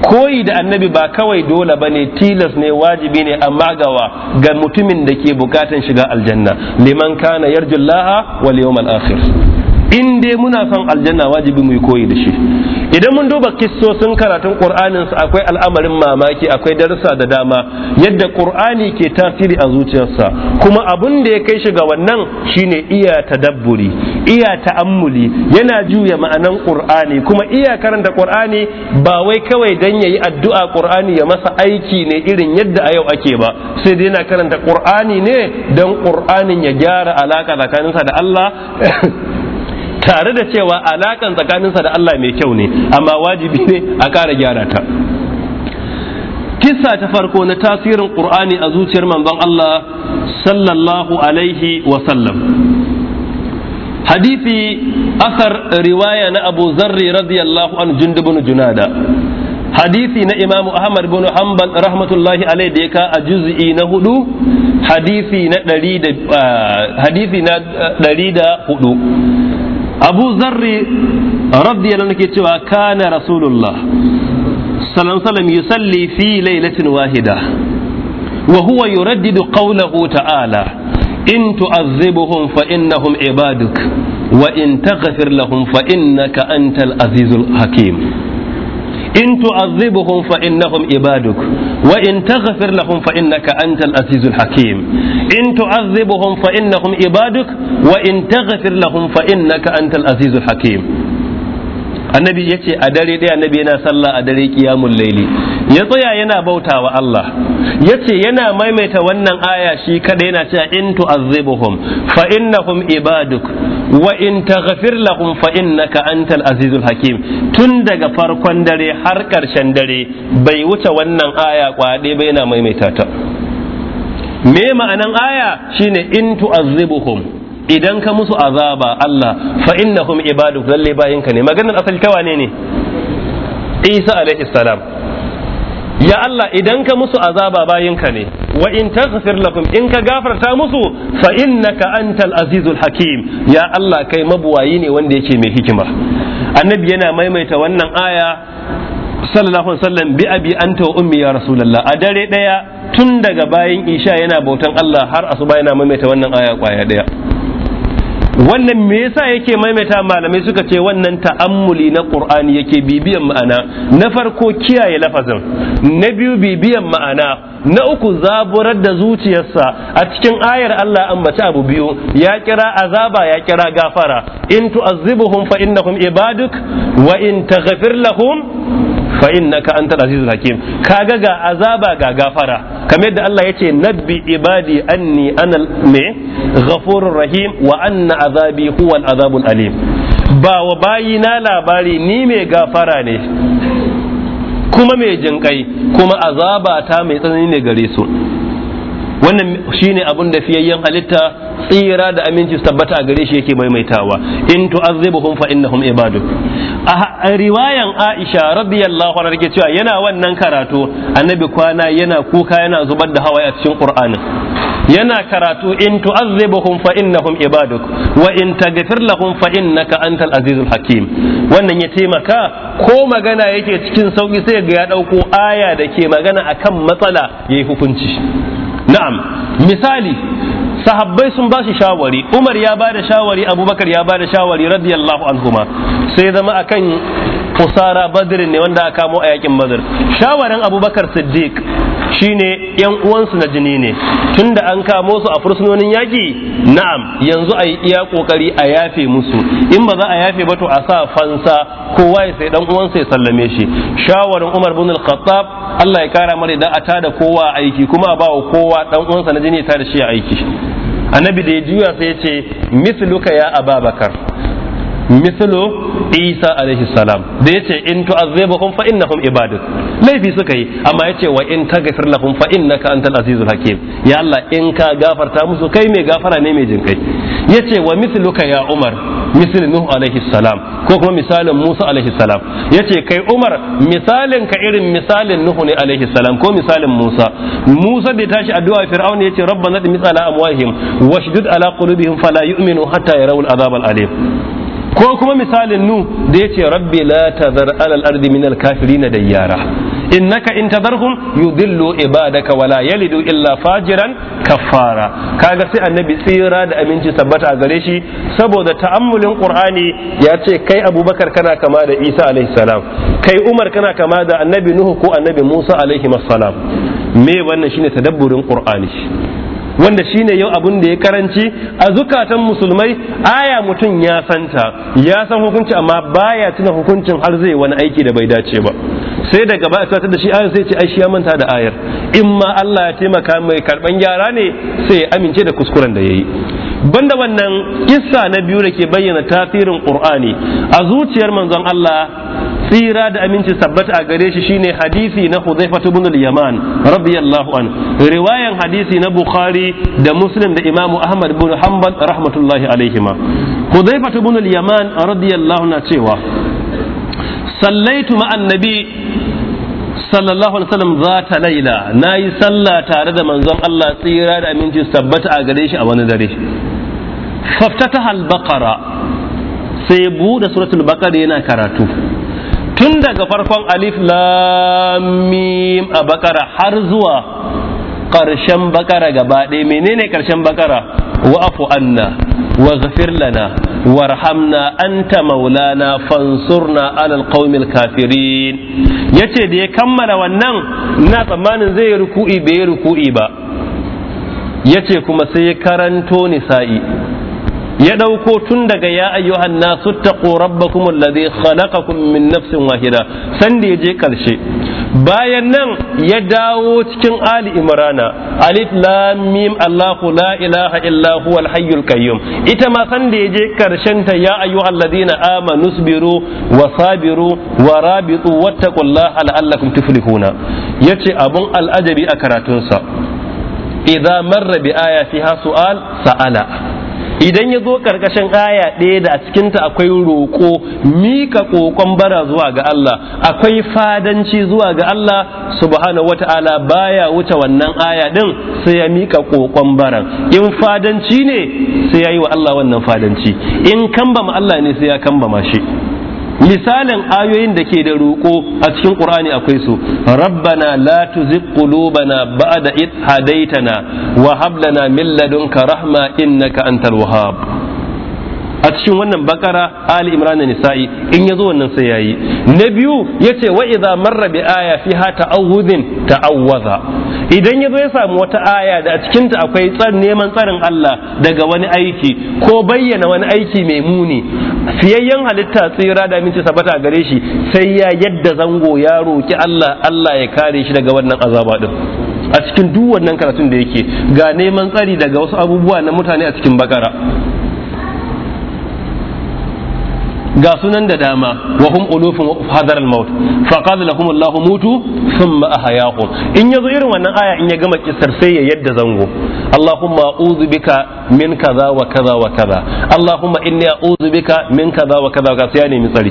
koyi da annabi ba kawai dole bane tilas ne wajibi ne amma gawa ga mutumin da ke bukatan shiga aljanna liman kana yarjullaha wal yawmal akhir in dai muna son aljanna wajibi mu yi koyi da shi idan mun duba kissosin karatun qur'anin su akwai al'amarin mamaki akwai darussa da dama yadda qur'ani ke tasiri a zuciyarsa kuma abun da ya kai shi ga wannan shine iya tadabburi iya ta'ammuli yana juya ma'anan qur'ani kuma iya karanta qur'ani ba wai kawai dan yayi addu'a qur'ani ya masa aiki ne irin yadda a yau ake ba sai dai yana karanta qur'ani ne dan qur'anin ya gyara alaka tsakaninsa da Allah [LAUGHS] tare da cewa alakan tsakaninsa da Allah mai kyau ne amma wajibi ne a ƙara gyara ta kissa ta farko na tasirin qur'ani a zuciyar manzon Allah sallallahu alaihi wa sallam hadithi asar riwaya na Abu Zarri radiyallahu anhu jundubun junada hadisi na imamu ahmad bin hanbal rahmatullahi alaihi da ka a juz'i na hudu hadisi na ɗari da ah, hadisi na ah, ɗari da hudu abu zarri radiyallahu anhu ke cewa kana rasulullah salam alaihi yusalli fi lailatin wahida wa huwa yuraddidu qawlahu ta'ala in tu'azzibuhum fa innahum ibaduk wa in taghfir lahum fa innaka antal azizul hakim in tu'azzibuhum fa innahum ibaduk wa in taghfir lahum fa innaka antal azizul hakim in tu'azzibuhum fa innahum ibaduk wa in taghfir lahum fa innaka antal azizul hakim annabi ya ce a dare ɗaya annabi yana sallah a dare kiyamun laili ya tsaya yana bautawa Allah ya ce yana maimaita wannan aya shi kada yana cewa in tu'azzibuhum fa innahum ibaduk wa in taghfir lahum fa innaka antal azizul hakim tun daga farkon dare har karshen dare bai wuce wannan aya kwade bai na maimaita ta me ma'anan aya shine in tu'azzibuhum idan ka musu azaba Allah fa innahum ibaduk lalle bayinka ne maganar asali ta wane ne Isa alaihi salam ya Allah idan ka musu azaba bayinka ne wa in taghfir lakum in ka gafarta musu fa innaka antal azizul hakim ya Allah kai mabuwayi ne wanda yake mai hikima annabi yana maimaita wannan aya sallallahu alaihi wasallam bi abi anta wa ummi ya rasulullah a dare daya tun daga bayan isha yana bautan Allah har asuba yana maimaita wannan aya kwaya daya wannan me yasa yake maimaita malamai suka ce wannan ta'ammuli na qur'ani yake bibiyan ma'ana na farko kiyaye lafazin na biyu bibiyan ma'ana na uku zaburar da zuciyarsa a cikin ayar Allah an ambaci abu biyu ya kira azaba ya kira gafara in tu'azzibuhum fa innahum ibaduk wa in taghfir lahum fa innaka antal azizul hakim kaga ga azaba ga gafara kamar yadda Allah yace nabbi ibadi anni ana me ghafurur rahim wa anna azabi huwal azabul alim ba wa bayina labari ni mai gafara ne kuma mai jinƙai kuma azaba ta mai tsanani ne gare su wannan shine abin da fiyayyen halitta tsira da aminci su tabbata a gare shi yake maimaitawa in tu'azzibuhum fa innahum a riwayan Aisha radiyallahu anha take cewa yana wannan karatu annabi kwana yana kuka yana zubar da hawaye a cikin Qur'ani yana karatu in tu'azzibuhum fa innahum ibaduk wa in taghfir lahum fa innaka antal azizul hakim wannan ya taimaka ko magana yake cikin sauki sai ga ya dauko aya da ke magana akan matsala yayi hukunci na'am misali sahabbai sun ba shi shawari umar ya ba da shawari abubakar ya ba da shawari radiyallahu anhuma sai zama akan usara badrin ne wanda aka kamo a yakin badr shawarin abubakar siddiq shine yan uwansu na jini ne tunda an kamo su a fursunonin yaki na'am yanzu a yi iya kokari a yafe musu in ba za a yafe ba to a sa fansa kowa ya sai dan uwansa ya sallame shi shawarin Umar bin Al-Khattab Allah ya kara mara da a da kowa aiki kuma a bawa kowa dan uwansa na jini ta da shi aiki annabi da ya juya sai ya ce misluka ya Bakar. mislu isa alaihi salam da yace in tu'azzibahum fa innahum ibaduk laifi suka yi amma yace wa in taghfir lahum fa innaka antal azizul hakim ya in ka gafarta musu kai mai gafara ne mai jinkai yace wa mithluka ya umar mislu nuh alaihi salam ko kuma misalin musa alaihi salam yace kai umar misalin ka irin misalin Nuhu ne alaihi salam ko misalin musa musa da tashi addu'a fir'aun yace rabbana mithala amwahim washdud ala qulubihim fala yu'minu hatta yarawul azabal alim ko kuma misalin nu da yace rabbi la tazar alal ardi min al kafirin dayyara innaka in tadarhum yudillu ibadaka wala yalidu illa fajiran kafara. kaga sai annabi tsira da aminci tabbata a gare shi saboda ta'ammulin qur'ani ya ce kai abubakar kana kama da isa alaihi salam kai umar kana kama da annabi nuhu ko annabi musa alaihi salam me wannan shine tadabburin qur'ani wanda shine yau abun da ya karanci a zukatan musulmai aya mutum ya santa ya san hukunci amma baya tuna hukuncin har zai wani aiki da bai dace ba sai daga ba ta da shi ayar sai ce ai shi ya manta da ayar in ma Allah ya taimaka mai karban gyara ne sai ya amince da kuskuren da yayi banda wannan kissa na biyu da ke bayyana tasirin qur'ani a zuciyar manzon Allah tsira da aminci tabbata a gare shi shine hadisi na Hudhaifa ibn al-Yaman radiyallahu an riwayan hadisi na Bukhari da Muslim da Imam Ahmad ibn Hanbal rahmatullahi alaihima Hudhaifa ibn al-Yaman radiyallahu na cewa sallaitu ma'an nabi sallallahu alaihi wasallam zata laila nayi sallah tare da manzon Allah tsira da aminci tabbata a gare shi a wani dare faftataha al-baqara sai buɗe suratul baqara yana karatu tun daga farkon alif lam a bakara har zuwa ƙarshen bakara gaba ɗaya menene ƙarshen bakara wa afu anna wa ghafir lana warhamna anta maulana fansurna alal qaumil kafirin yace da ya kammala wannan na tsammanin zai yi ruku'i bai yi ruku'i ba yace kuma sai ya karanto nisa'i ya ɗauko tun daga ya ayyuhan nasu taqu rabbakum allazi khalaqakum min nafsin wahida san da je karshe bayan nan ya dawo cikin ali imrana alif lam mim allahu la ilaha illa huwa qayyum ita ma san da je karshen ta ya ayyuhal ladina amanu sabiru wa sabiru wa rabitu wattaqullaha la'allakum tuflihuna yace abun al'ajabi a karatunsa idza marra bi ayatiha su'al sa'ala idan ya zo karkashin aya ɗaya da a cikinta akwai roƙo mika ƙoƙon bara zuwa ga Allah akwai fadanci zuwa ga Allah subhanahu wata'ala baya wuce wannan aya ɗin sai ya mika ƙoƙon baran in fadanci ne sai ya yi wa Allah wannan fadanci in kambama Allah ne sai ya kambama shi misalin ayoyin da ke da roƙo a cikin ƙur'ani akwai su rabbana la tuzigh qulubana ba'da id hadaitana wa hab lana min ladunka rahma innaka antal wahhab a cikin wannan bakara ali imran da nisa'i in ya zo wannan sai yayi na biyu yace wa idza marra bi aya fiha ta'awudhin ta'awwaza idan ya zo ya samu wata aya da a cikin akwai tsan neman tsarin Allah daga wani aiki ko bayyana wani aiki mai muni siyayyen halitta tsira da minti sabata gare shi sai ya yadda zango ya roki Allah Allah ya kare shi daga wannan azaba din a cikin duk wannan karatun da yake ga neman tsari daga wasu abubuwa na mutane a cikin bakara ga sunan da dama wa hum ulufun hadar al-maut fa qala lahum Allahu mutu thumma ahyahum in yazo irin wannan aya in ya gama kissar sai ya yadda zango Allahumma a'udhu bika min kaza wa kaza wa kaza Allahumma inni a'udhu bika min kaza wa kaza wa sai ne mi tsari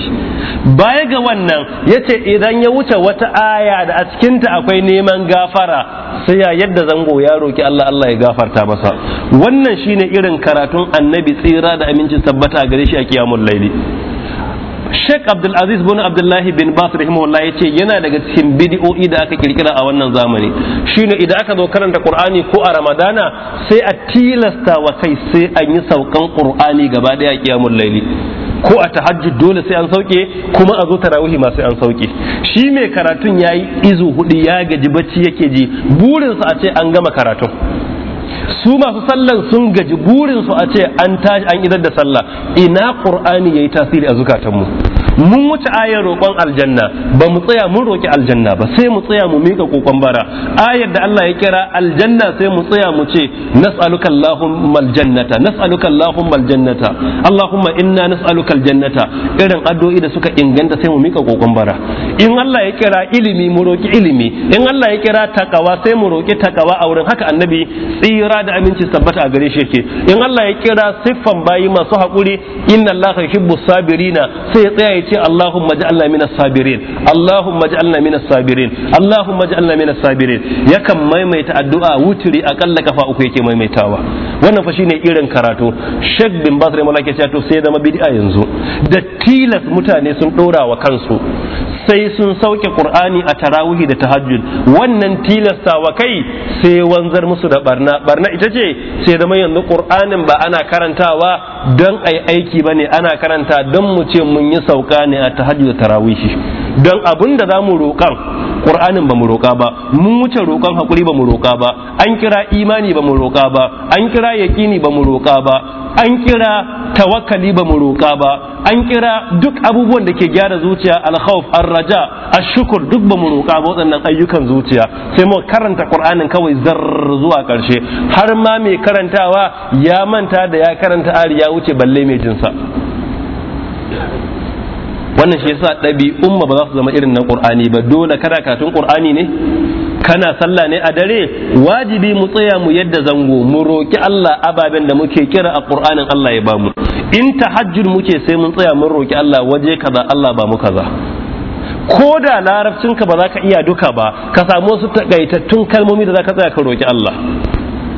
baya ga wannan yace idan ya wuce wata aya da a cikin ta akwai neman gafara sai ya yadda zango ya roki Allah Allah ya gafarta masa wannan shine irin karatun annabi tsira da aminci tabbata gare shi a kiyamul laili Sheikh Abdul Aziz bin Abdullahi bin Bas rahimahullah yace yana daga cikin bid'o'i da aka kirkira a wannan zamani shine idan aka zo karanta Qur'ani ko a Ramadana sai a tilasta wa kai sai an yi saukan Qur'ani gaba daya kiyamul laili ko a tahajjud dole sai an sauke kuma a zo tarawihi ma sai an sauke shi mai karatun yayi izu hudu ya gaji bacci yake ji burinsa a ce an gama karatu. su masu sallan sun gaji burinsu a ce an tashi an idar da sallah ina qur'ani yi tasiri a zukatanmu mun wuce ayar roƙon aljanna ba mu tsaya mun roƙi aljanna ba sai mu tsaya mu mika kokon bara ayar da Allah ya kira aljanna sai mu tsaya mu ce nas'aluka allahumma aljannata nas'aluka allahumma aljannata allahumma inna nas'aluka aljannata irin addu'o'i da suka inganta sai mu mika kokon bara in Allah ya kira ilimi mu roƙi ilimi in Allah ya kira takawa sai mu roƙi takawa a wurin haka annabi tsira da aminci tabbata a gare shi yake in Allah ya kira siffan bayi masu haƙuri inna allaha yuhibbu sabirina sai ya tsaya ce Allahumma ja'alna minas sabirin Allahumma ja'alna minas sabirin Allahumma ja'alna minas sabirin yakan maimaita addu'a wuturi akalla kafa uku yake maimaitawa wannan fa shine irin karatu Sheikh bin Basri malaka ce to sai zama bid'a yanzu da tilas mutane sun dora wa kansu sai sun sauke qur'ani a tarawihi da tahajjud wannan tilastawa kai sai wanzar musu da barna barna ita ce sai da yanzu qur'anin ba ana karantawa don ai aiki ba bane ana karanta don mu ce mun yi sauka ne a tahajjud da tarawihi don abin da za mu roƙan Qur'anin ba mu roƙa ba mun wuce roƙan haƙuri ba mu roƙa ba an kira imani ba mu roƙa ba an kira yaƙini ba mu roƙa ba an kira tawakkali ba mu roƙa ba an kira duk abubuwan da ke gyara zuciya al-khowar al-khawf ar A ashukur duk ba mu roƙa ba waɗannan ayyukan zuciya sai mu karanta qur'anin kawai zar zuwa ƙarshe har ma mai karantawa ya manta da ya karanta ari ya wuce balle mai jinsa wannan shi yasa umma ba za su zama irin na qur'ani ba dole kana katun qur'ani ne kana sallah ne a dare wajibi mu tsaya mu yadda zango mu roki Allah ababen da muke kira a Qur'anin Allah ya bamu in tahajjud muke sai mun tsaya mun roki Allah waje kaza Allah ba mu kaza ko da larabcinka ba za ka iya duka ba ka samu wasu takaitattun kalmomi da za ka tsaya ka roki Allah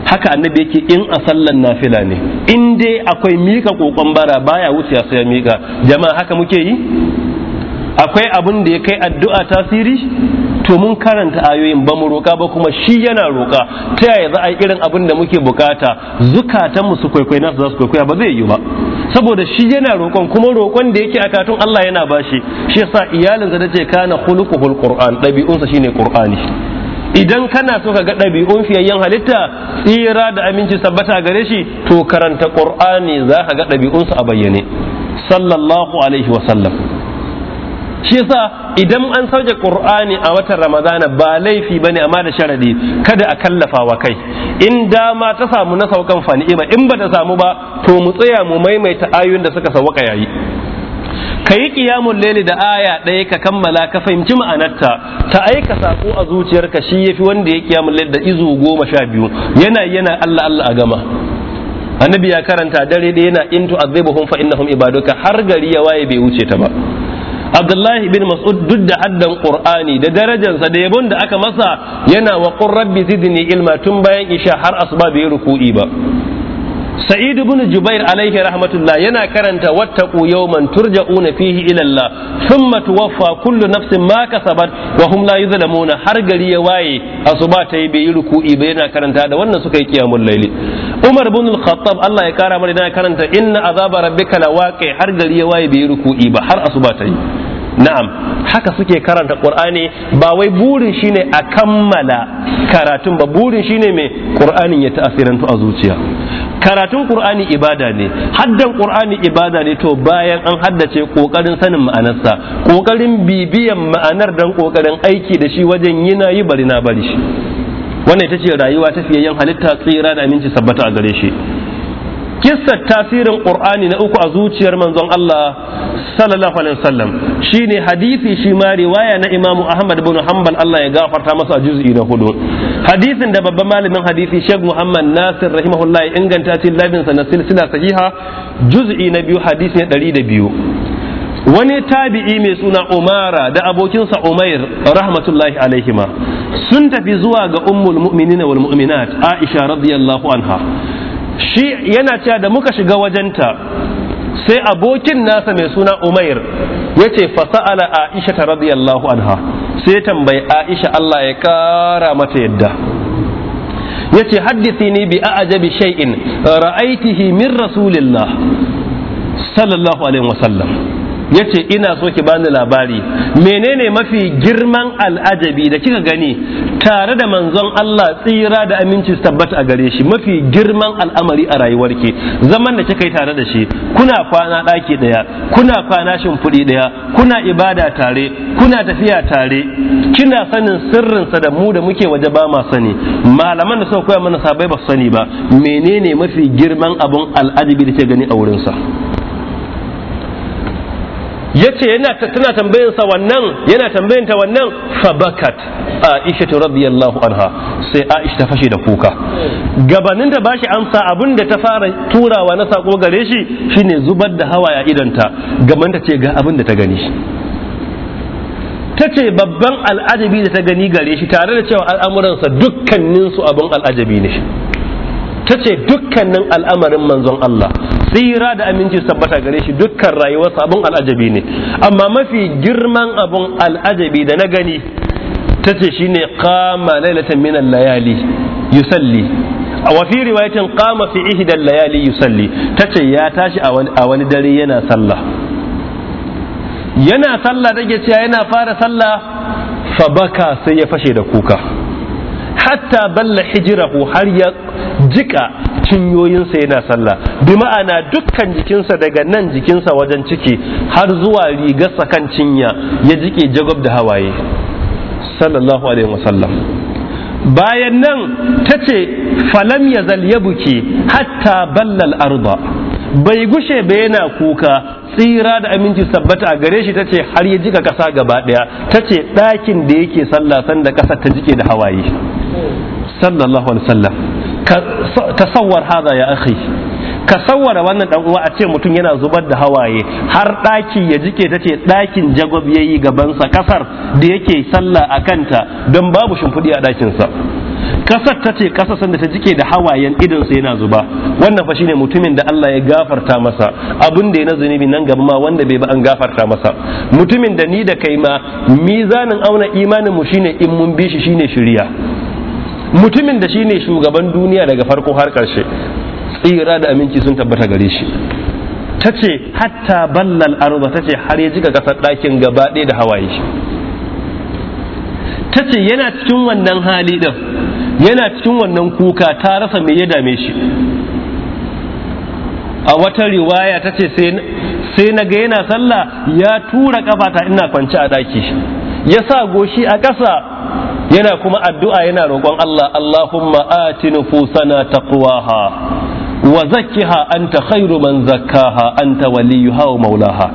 haka annabi yake in a sallan nafila ne in dai akwai mika kokon bara baya wuce sai ya mika jama'a haka muke yi akwai abin da ya kai addu'a tasiri to mun karanta ayoyin ba mu roka ba kuma shi yana roka, ta yaya za a yi irin abin da muke bukata zukatanmu su kwaikwai su za su kwaikwaya ba zai yi ba saboda shi yana roƙon kuma roƙon da yake a Allah yana bashi shi yasa iyalin da ce kana khuluquhul qur'an ɗabi'unsa shine qur'ani idan kana so ka ga ɗabi'un fiyayyen halitta tsira da aminci sabbata gare shi to karanta qur'ani za ka ga ɗabi'unsa a bayyane sallallahu alaihi wa sallam shi yasa idan an sauke qur'ani a watan ramadana ba laifi bane amma da sharadi kada a kallafa wa kai in dama ta samu na saukan faniima in ba ta samu ba to mu tsaya mu maimaita ayoyin da suka sauka yayi ka yi kiyamun leli da aya ɗaya ka kammala ka fahimci ma'anarta ta aika saƙo a zuciyarka shi yafi wanda ya kiyamun leli da izu goma sha biyu yana yana Allah Allah a gama annabi ya karanta dare da yana intu tu'azzibuhum fa innahum ibaduka har gari ya waye bai wuce ta ba abdullahi bin mas'ud duk da haddan qur'ani da darajansa da yabon da aka masa yana wa qur rabbi zidni ilma tun bayan isha har asuba bai ruku'i ba sa'id ibn jubair alaihi rahmatullah yana karanta wattaqu yawman turja'una fihi ila Allah thumma tuwaffa kullu nafsin ma kasabat wa hum la har gari ya waye asuba ta yi bai ruku'i ba yana karanta da wannan suka yi qiyamul layli umar ibn al-khattab Allah ya kara mana yana karanta inna azaba rabbika lawaqi har gari ya waye bai ruku'i ba har asuba ta yi na'am haka suke karanta qur'ani ba wai burin shine a kammala karatun ba burin shine mai qur'anin ya ta'asirantu a zuciya karatun qur'ani ibada ne haddan qur'ani ibada ne to bayan an haddace kokarin sanin ma'anarsa kokarin bibiyan ma'anar dan kokarin aiki da shi wajen yina yi bari na bari shi wannan ita ce rayuwa ta yin halitta tsira da aminci sabbata a gare shi kissar tasirin qur'ani na uku a zuciyar manzon Allah sallallahu alaihi wasallam shine hadisi shi ma riwaya na imamu ahmad ibn hanbal Allah ya gafarta masa a juz'i na hudu hadisin da babban malamin hadisi Sheikh Muhammad Nasir rahimahullah inganta cikin sa na silsila sahiha juz'i na biyu hadisi na 102 wani tabi'i mai suna umara da abokinsa umair rahmatullahi alaihima sun tafi zuwa ga ummul mu'minina wal mu'minat aisha radiyallahu anha shi yana cewa da muka shiga wajenta sai abokin nasa mai suna umair ya ce fasa'ala aisha ta radiyallahu anha sai tambayi aisha Allah ya kara mata yadda ya ce haddisi ni bi a'ajabi shay'in ra'aitihi min rasulillah sallallahu alaihi wasallam ya ce ina so ki bani labari menene mafi girman al'ajabi da kika gani tare da manzon Allah tsira da aminci su tabbata a gare shi mafi girman al'amari a rayuwarki zaman da kika yi tare da shi kuna kwana ɗaki ɗaya kuna kwana shimfiɗi ɗaya kuna ibada tare kuna tafiya tare kina sanin sirrinsa da mu da muke waje ba ma sani malaman da suka koya mana sabai ba sani ba menene mafi girman abun al'ajabi da kika gani a wurinsa yace yana tana tambayin sa wannan yana tambayin ta wannan fabakat aisha ta radiyallahu anha sai Aisha ta fashe da kuka gabanin ta bashi amsa abin da ta fara turawa na sako gare shi shine zubar da hawaya idanta gaban ta ce ga abin da ta gani ta ce babban al'ajabi da ta gani gare shi tare da cewa al'amuransa dukkaninsu abin al'ajabi ne ta ce dukkanin al'amarin manzon Allah tsira da aminci tabbata gare shi dukkan rayuwarsa sabon al'ajabi ne amma mafi girman abun al'ajabi da na gani ta ce ne kama lailatan minan layali yusalli a wafi riwayatin kama fi ihda layali yusalli ta ce ya tashi a wani dare yana sallah yana sallah ke cewa yana fara sallah fa baka sai ya fashe da kuka hatta balla hijrahu har ya jika cinyoyinsa yana sallah bi ma'ana dukkan jikinsa daga nan jikinsa wajen ciki har zuwa rigarsa kan cinya ya jike jagob da hawaye sallallahu alaihi wasallam bayan nan ta ce falam ya zalye buki hatta ballal arba bai gushe ba yana kuka tsira da aminci sabbata a gare shi ta ce har ya jika kasa gaba daya ta ce ɗakin da yake sallah sanda kasa ta jike da hawaye sallallahu alaihi wasallam tasawwar hada ya akhi ka sawwara wannan dan uwa a ce mutum yana zubar da hawaye har daki ya jike tace dakin jagob yayi gabansa kasar da yake sallah a kanta don babu shimfidi a dakin sa kasar tace ce san da ta jike da hawayen idonsa yana zuba wannan fa shine mutumin da Allah ya gafarta masa abin da ya na zunubi nan gaba ma wanda bai ba an gafarta masa mutumin da ni da kai ma mizanin auna imanin mu shine in mun bi shi shine shiriya mutumin da shi ne shugaban duniya daga farko har karshe tsira da aminci sun tabbata gare shi ta ce hatta ballal arba ta ce har ya jika kasar ɗakin gaba ɗaya da hawaye shi ta ce yana cikin wannan hali ɗin yana cikin wannan kuka ta rasa me ya dame shi a wata riwaya ta ce sai na ga yana sallah ya tura kafata ina kwance a ɗaki ya sa goshi a ƙasa yana kuma addu'a yana roƙon Allah Allahumma ati nufusana taqwaha wa zakkiha anta khairu man zakkaha anta waliyuha wa maulaha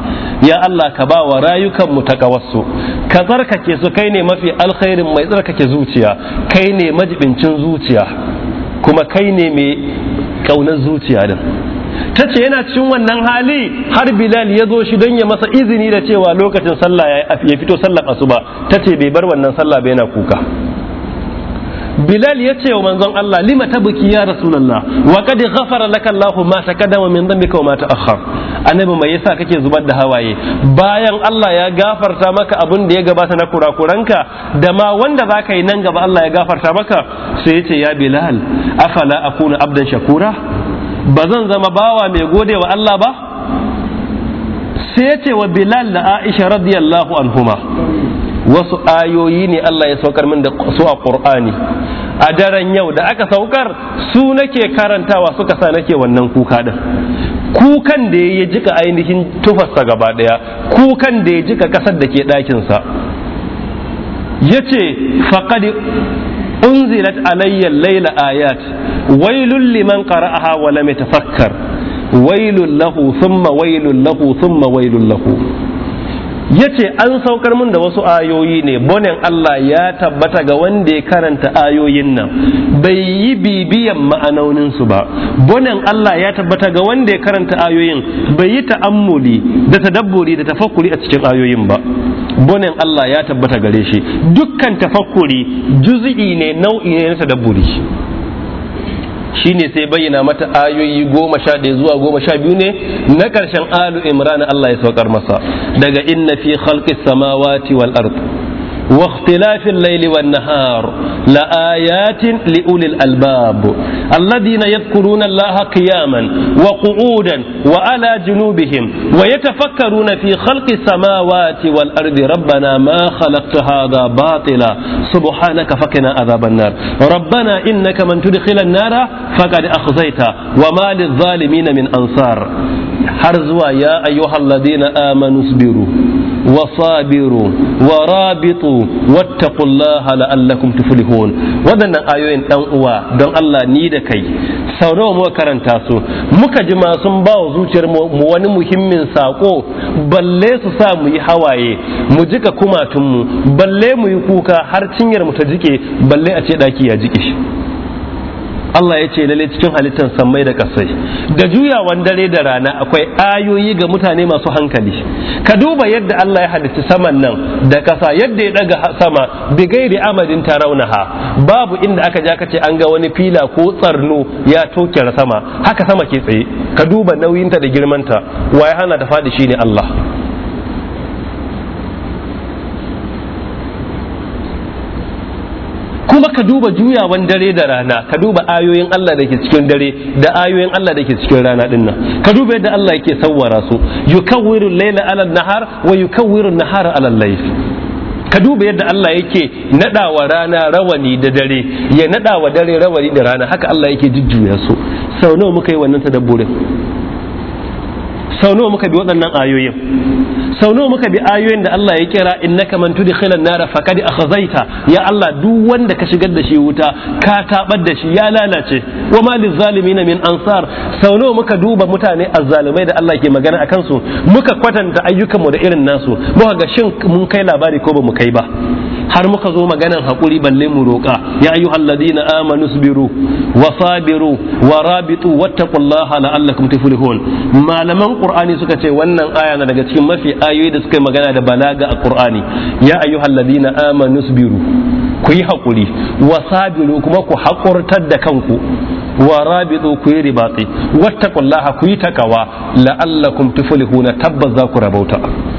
ya Allah ka ba wa rayukan mu takawarsu ka tsarkake su kai ne mafi alkhairin mai tsarkake zuciya kai ne majibincin zuciya kuma kai ne mai kaunar zuciya din ta ce yana cikin wannan hali har bilal ya zo shi don ya masa izini da cewa lokacin sallah ya fito sallar asuba ta ce bai bar wannan sallah bai yana kuka bilal ya ce wa manzon Allah lima buki ya rasulallah. wa kadi ghafara laka Allah ma taqaddama min dhanbika wa ma akhar annabi mai yasa kake zubar da hawaye bayan Allah ya gafarta maka abin da ya gabata na kurakuranka da ma wanda zaka yi nan gaba Allah ya gafarta maka sai ya ce ya bilal afala kuna abdan shakura ba zan zama bawa mai gode wa Allah ba sai ya ce wa bilal da aisha radiyallahu anhuma wasu ayoyi ne Allah ya saukar min da su a Qur'ani a daren yau da aka saukar su nake karantawa suka sa nake wannan kuka din kukan da ya jika ainihin tufarsa gaba daya kukan da ya jika kasar da ke ɗakinsa ya ce faƙadi unzilat alayyar laila ayat ويل لمن قرأها ولم يتفكر ويل له ثم ويل له ثم ويل له yace an saukar mun da wasu ayoyi ne bonen Allah ya tabbata ga wanda ya karanta ayoyin nan bai yi bibiyan ma'anonin su ba bonen Allah ya tabbata ga wanda ya karanta ayoyin bai yi ta'ammuli da tadabburi da tafakkuri a cikin ayoyin ba bonen Allah ya tabbata gare shi dukkan tafakkuri juz'i ne nau'i ne na tadabburi shine sai bayyana mata ayoyi goma sha ɗaya zuwa goma sha biyu ne na ƙarshen alu imran Allah ya saukar masa daga inna fi khalqis samawati wal ard واختلاف الليل والنهار لآيات لأولي الألباب الذين يذكرون الله قياما وقعودا وعلى جنوبهم ويتفكرون في خلق السماوات والأرض ربنا ما خلقت هذا باطلا سبحانك فقنا عذاب النار ربنا إنك من تدخل النار فقد أخزيت وما للظالمين من أنصار حرزوا يا أيها الذين آمنوا اصبروا وصابروا ورابطوا واتقوا الله لعلكم تفلحون waɗannan ayoyin ɗan uwa don Allah ni da kai sau nawa muka karanta su muka ji sun bawa wa zuciyar mu wani muhimmin saƙo balle su sa mu yi hawaye mu jika kumatunmu balle mu yi kuka har cinyar mu ta jike balle a ce ɗaki ya jike Allah ya ce lalle cikin halittar sammai da kasai da juyawan dare da rana akwai ayoyi ga mutane masu hankali ka duba yadda Allah ya halitta saman nan da kasa yadda ya daga sama bi gairi amadin tarawnaha babu inda aka ja kace an ga wani fila ko tsarno ya toke sama haka sama ke tsaye ka duba nauyinta da girmanta waye hana ta fadi shine Allah kuma ka duba juyawan dare da rana ka duba ayoyin Allah da ke cikin dare da ayoyin Allah da ke cikin rana din nan ka duba yadda Allah yake sawwara su yukawwiru layla 'ala an-nahar wa yukawwiru an-nahara 'ala al-layl ka duba yadda Allah yake nadawa rana rawani da dare ya nadawa dare rawani da rana haka Allah yake jujjuya su sau nawa muka yi wannan tadabburin sau nawa muka bi waɗannan ayoyin sau nawa muka bi ayoyin da Allah ya kira innaka man an nara faqad akhzaita ya Allah duk wanda ka shigar da shi wuta ka tabar da shi ya lalace wa ma na min ansar sau nawa muka duba mutane azzalumai da Allah ke magana akan su muka kwatanta ayyukanmu da irin nasu muka ga shin mun kai labari ko ba mu kai ba har muka zo maganan hakuri balle mu roka ya ayyuhal ladina amanu sabiru wa sabiru wa rabitu wattaqullaha la'allakum tuflihun malaman qur'ani suka ce wannan aya na daga cikin mafi ayoyi da suka yi magana da balaga a qur'ani ya ayyuhal ladina amanu sabiru ku yi hakuri wa sabiru kuma ku haƙurtar da kanku wa rabitu ku yi ribati wattaqullaha ku yi takawa la'allakum tuflihuna tabbas za ku rabauta